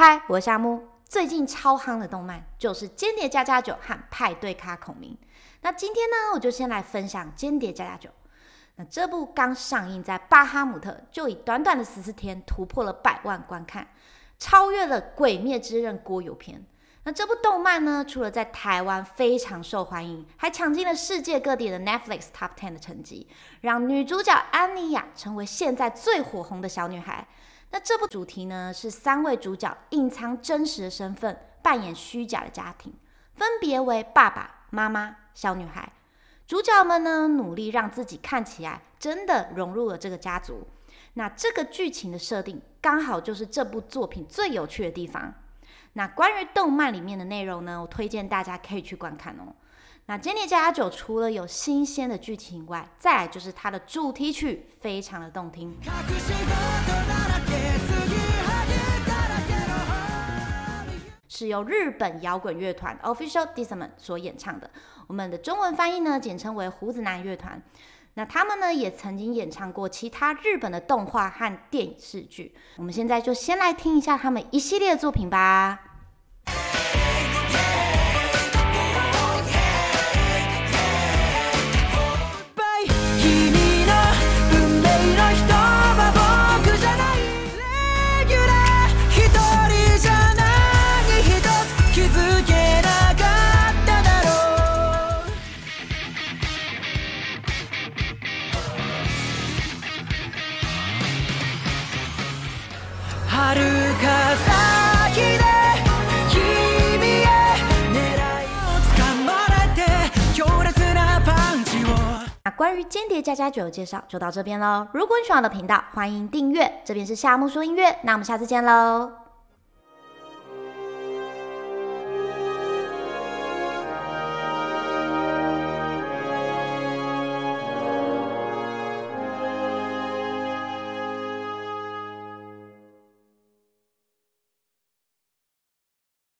嗨，Hi, 我是夏慕。最近超夯的動漫就是《間諜家家酒》和《派對咖孔明》。那今天呢，我就先來分享《間諜家家酒》。那這部剛上映，在巴哈姆特就以短短的十四天突破了百萬觀看，超越了《鬼滅之刃》遊郭篇。那這部動漫呢，除了在台灣非常受歡迎，還搶進了世界各地的 Netflix Top Ten 的成績，讓女主角安妮亞成為現在最火紅的小女孩。那這部主題呢，是三位主角隱藏真實的身份，扮演虛假的家庭，分別為爸爸媽媽、小女孩。主角們呢，努力讓自己看起來真的融入了這個家族。那這個劇情的設定剛好就是這部作品最有趣的地方。那關於動漫裡面的內容呢，我推薦大家可以去觀看哦。那《間諜家家酒》除了有新鮮的劇情外，再就是它的主題曲非常的動聽，是由日本搖滾樂團 Official 髭男 dism 所演唱的。我們的中文翻譯呢，簡稱為鬍子男樂團。那他們呢，也曾經演唱過其他日本的動畫和電視劇。我們現在就先來聽一下他們一系列的作品吧。關於《間諜家家酒》的介紹就到這邊嘍。如果你喜歡我的頻道，歡迎訂閱。這邊是夏慕說音樂，那我們下次見嘍。